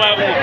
level.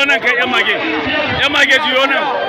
yonan kai yan mage yan mage juyo nan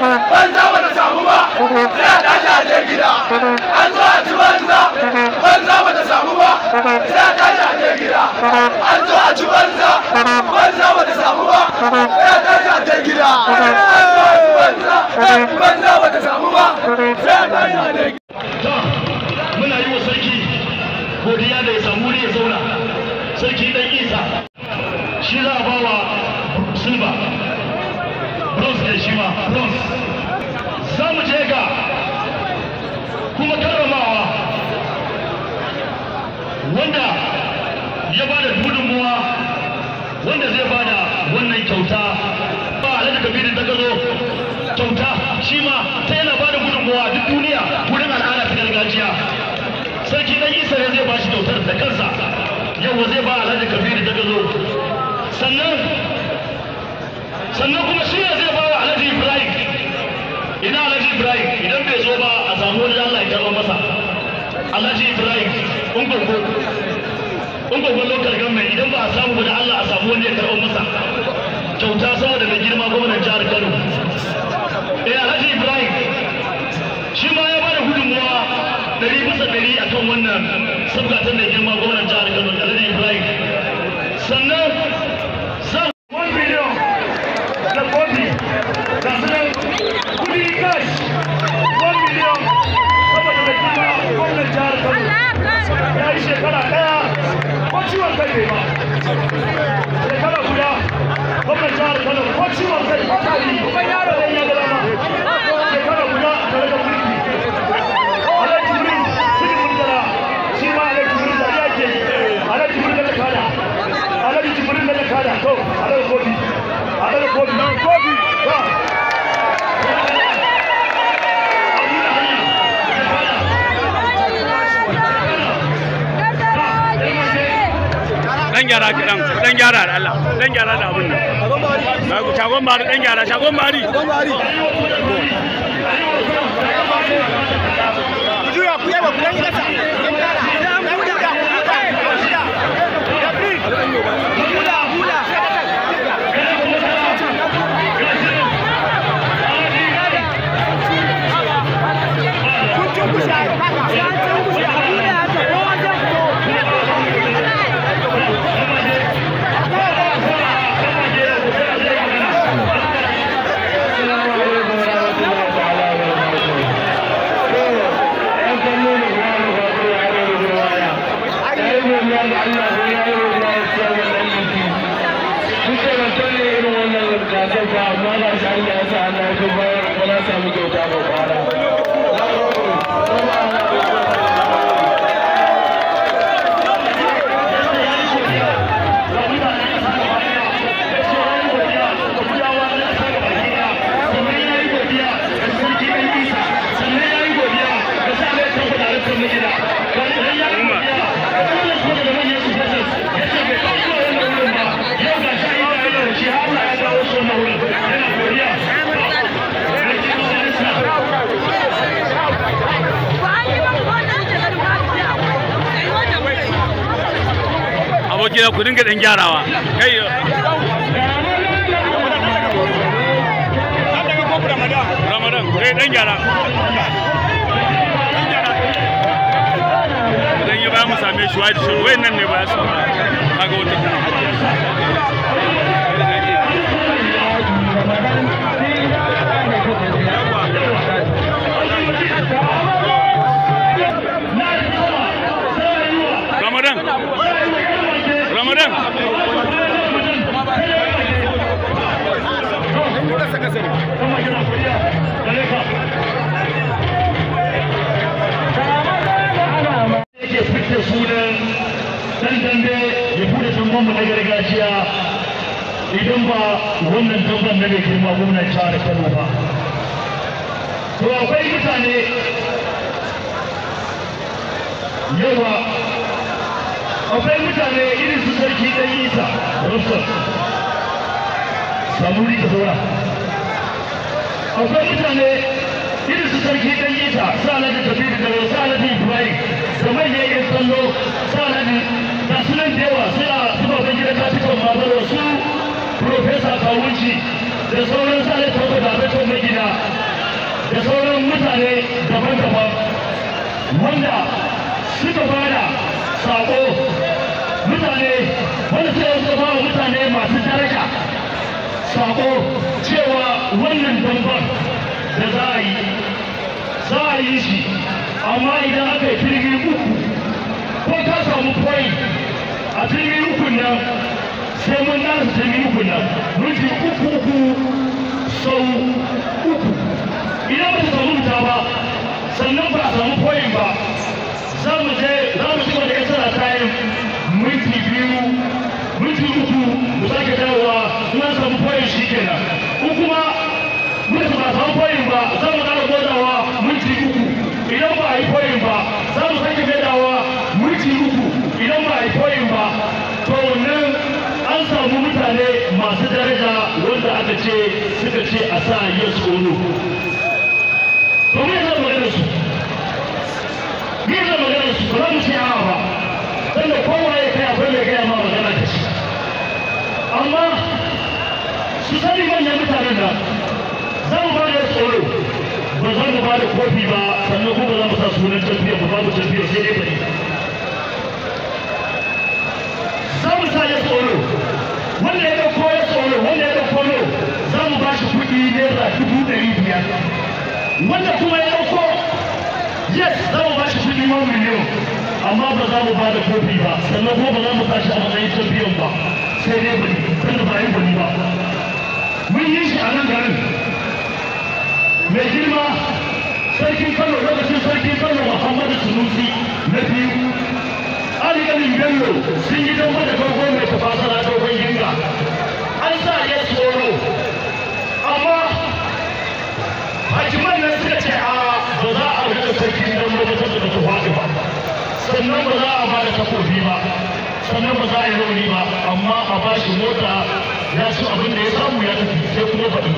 ban za ba ta samu ba za tashi a je gida an zo a ci banza ban za ba ta samu ba za tashi a je gida an zo a ci banza ban za ba ta samu ba za tashi a je gida an zo a ci banza ban za ba ta samu ba za tashi a je gida. muna yi wa sarki godiya da ya samu ne ya zauna sarki dan isa shi za a ba wa da shi ma bronze za mu je ga kuma karramawa wanda ya ba da gudunmuwa wanda zai ba da wannan kyauta ba alhaji kabirin da gazo kyauta shi ma ta yana ba da gudunmuwa duk duniya wurin al'ada ta gargajiya sarki dan isa ya zai ba shi kyautar da kansa yau zai ba alhaji kabirin da gazo sannan sannan kuma shi ne zai ba ina alhaji ibrahim idan bai zo ba a samu wani allah ya karɓa masa alhaji ibrahim in gwaggo in lokal government idan ba a samu ba da allah a samu wani ya karɓa masa kyauta sama da mai girma gwamnan jihar kano eh alhaji ibrahim shi ma ya bada gudunmuwa ɗari bisa a akan wannan sabgatan da girma gwamnan jihar kano alhaji ibrahim gyara kiɗan ku dan gyara da Allah dan gyara da abin nan shagon bari dan gyara shagon bari shagon bari tsakanin da Allah ko ya yi wanda ya siya wannan yanki duk da mutum ne irin wannan gasar ta amma ga shi Allah ya sa Allah ya bayar ba na samu kyauta ba kwara abokina ku dinga ɗan gyarawa kai ramadan eh, ɗan gyara idan ba mu same shi wa shi wayan nan ne ba su kaga wata duba wannan dabban na bai girma gwamnan jihar Kano ba. To akwai mutane yawa akwai mutane irin su sarki ɗan isa rufsar samu rika saura akwai mutane irin su sarki ɗan isa sa'alata tafiya da sa'alata ibrahim da manyan yan kallo sa'alata da sunan da yawa suna zuba ban gidan kasuwan ma su profesa kawunci da sauran sale togo da abeto magina da sauran mutane daban-daban wanda suka bada sako mutane wanda suka ba wa mutane masu daraja sako cewa wannan dambar da za a yi za a yi shi amma idan aka yi jirgin uku ko ka samu point a jirgin ukun nan sai mun nan jini uku nan rufi uku uku sau uku idan ba su rubuta ba sannan ba a samu koyin ba za mu je za mu ci wanda ya tsara tayin minti biyu minti uku mu sake dawowa kuma samu koyin shi kenan ko kuma mutum ba samu koyin ba za mu kara godawa minti uku idan ba a yi koyin ba za mu sake godawa mutane masu daraja wanda aka ce suka ce a sa yi tsoro kuma zama magana su zama magana su ba mu ce yawa ba da kowa ya kai abin da gaya ma magana ta shi amma su sani manyan mutanen da za mu ba da tsoro ba za mu ba da kofi ba sannan kuma za mu sa sunan tafiya ba babu tafiya sai dai bari wanda kuma ya dauko. yes za mu ba shi kudi wani miliyan amma ba za mu ba da kofi ba sannan kuma ba za mu tashi a matsayin champion ba sai dai ba tunda ba yi gani ba mun yi shi a nan garin mai girma sarkin kano lokacin sarkin kano muhammadu sunusi na biyu alikalin bello sun yi don da farko mai tafasa na dogon ginga an sa yes sannan ba za a ba da takobi ba sannan ba za a yi rauni ba amma a ba shi mota ya ci abin da ya samu ya tafi sai kuma faɗi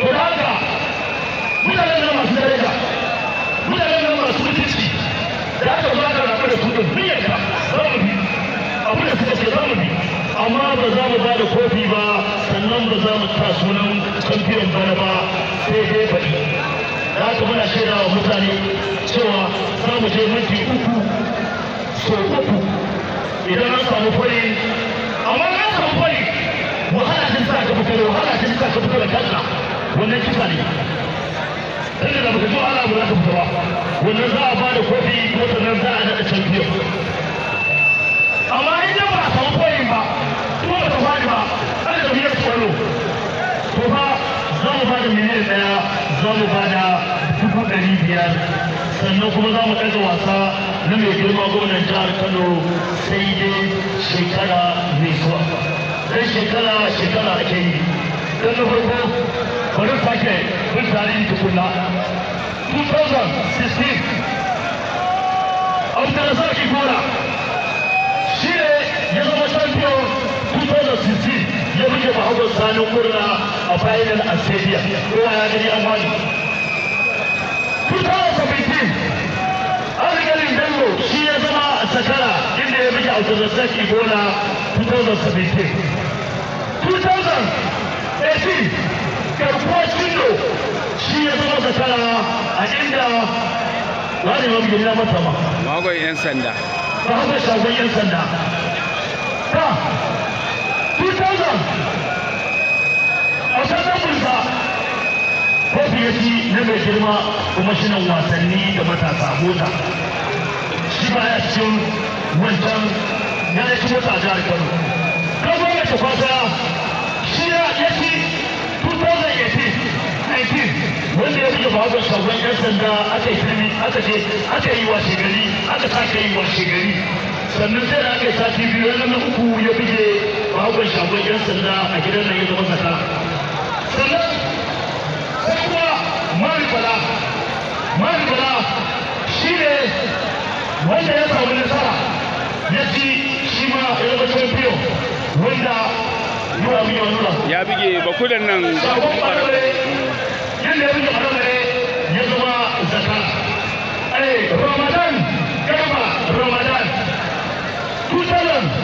ko da haka mutanen nan masu daraja mutanen nan masu mutunci da aka ba da rafa da su da biyarta za mu bi abu da suka ce za mu bi amma ba za mu ba da kofi ba sannan ba za mu ta sunan kamfiyan bana ba sai dai faɗi da haka muna shaida wa mutane cewa za mu je minti uku so uku idan an samu fari amma an samu fari wahala ta sa ka fito da wahala ta sa ka fito da kanka wannan kisa ne tunda da baka zo ala ba za ka fito ba wannan za a ba da kofi ko sannan za a naɗa champion amma idan ba a samu fari ba kuma ba ta fadi ba an da biyar tsoro za bada ba da biyar sannan kuma za mu ɗaga wasa na mai girma gwamnan jihar kano sai dai shekara mai zuwa dan shekara shekara ake yi dan na farko bari sake bin tarihi tukunna 2016 abdulrazak igora shi ne ya zama champion ya buge bahago sanin kurna a final a stadium kowa ya gani an wani a algalin bello shi ya zama a sakara inda ya buge abdulrazak ibola 2017 2018 garkuwar cindo shi ya zama sakara a inda wani ma na mata ma magoyin yan sanda ba haka shagon yan sanda ta kofi ya fiye na mai girma kuma shi nan wasanni da matasa mota shi ba ya cikin wancan ya yi ci mota a jihar kano kan zo mai tafasa shi ya ya ci 2018 wanda ya buga bahagon sabon yan sanda aka yi kirmi aka ce aka yi washe gari aka sake yi washe gari sannan sai da aka yi sati biyu na uku ya buge bahagon sabon yan sanda a gidan na ya zama zaka sannan kuma mari wanda ya samu nasara ya ci shi ma wanda yiwa miliyan ya bige bakudan nan sakon barabare ya bige barabare ya ramadan gaba ramadan 2000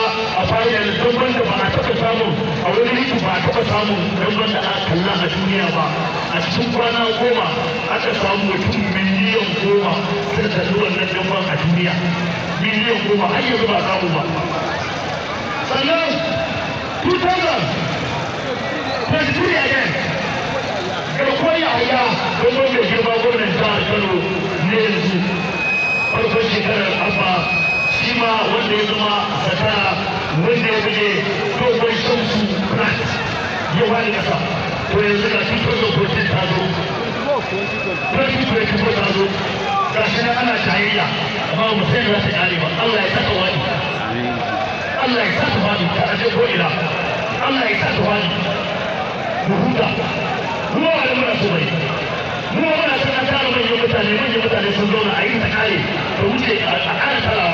amma yanzu duk wanda ba a taɓa samu a wani riki ba a taɓa samu don wanda a kalla a duniya ba a cikin kwana goma aka samu mutum miliyan goma da sun kalli wannan ban a duniya miliyan goma har yanzu ba samu ba sannan 2000 23 again garkuwar yaya don wanda girma gwamnan jihar kano ne yanzu farkon shekarar abba shi ma wanda ya zama zakara mun da ya buge dogon shamsu Allah ya wani kasa to yanzu ga cikin lokacin ta zo rashin kureci ko ta zo ga shi nan ana ya amma ba ta kare ba Allah ya saka wani Allah ya saka wani ta aje ko ina Allah ya saka wani mu huta mu ba da muna so bai mu ba da sanar da manyan mutane manyan mutane sun zauna a yi ta kare a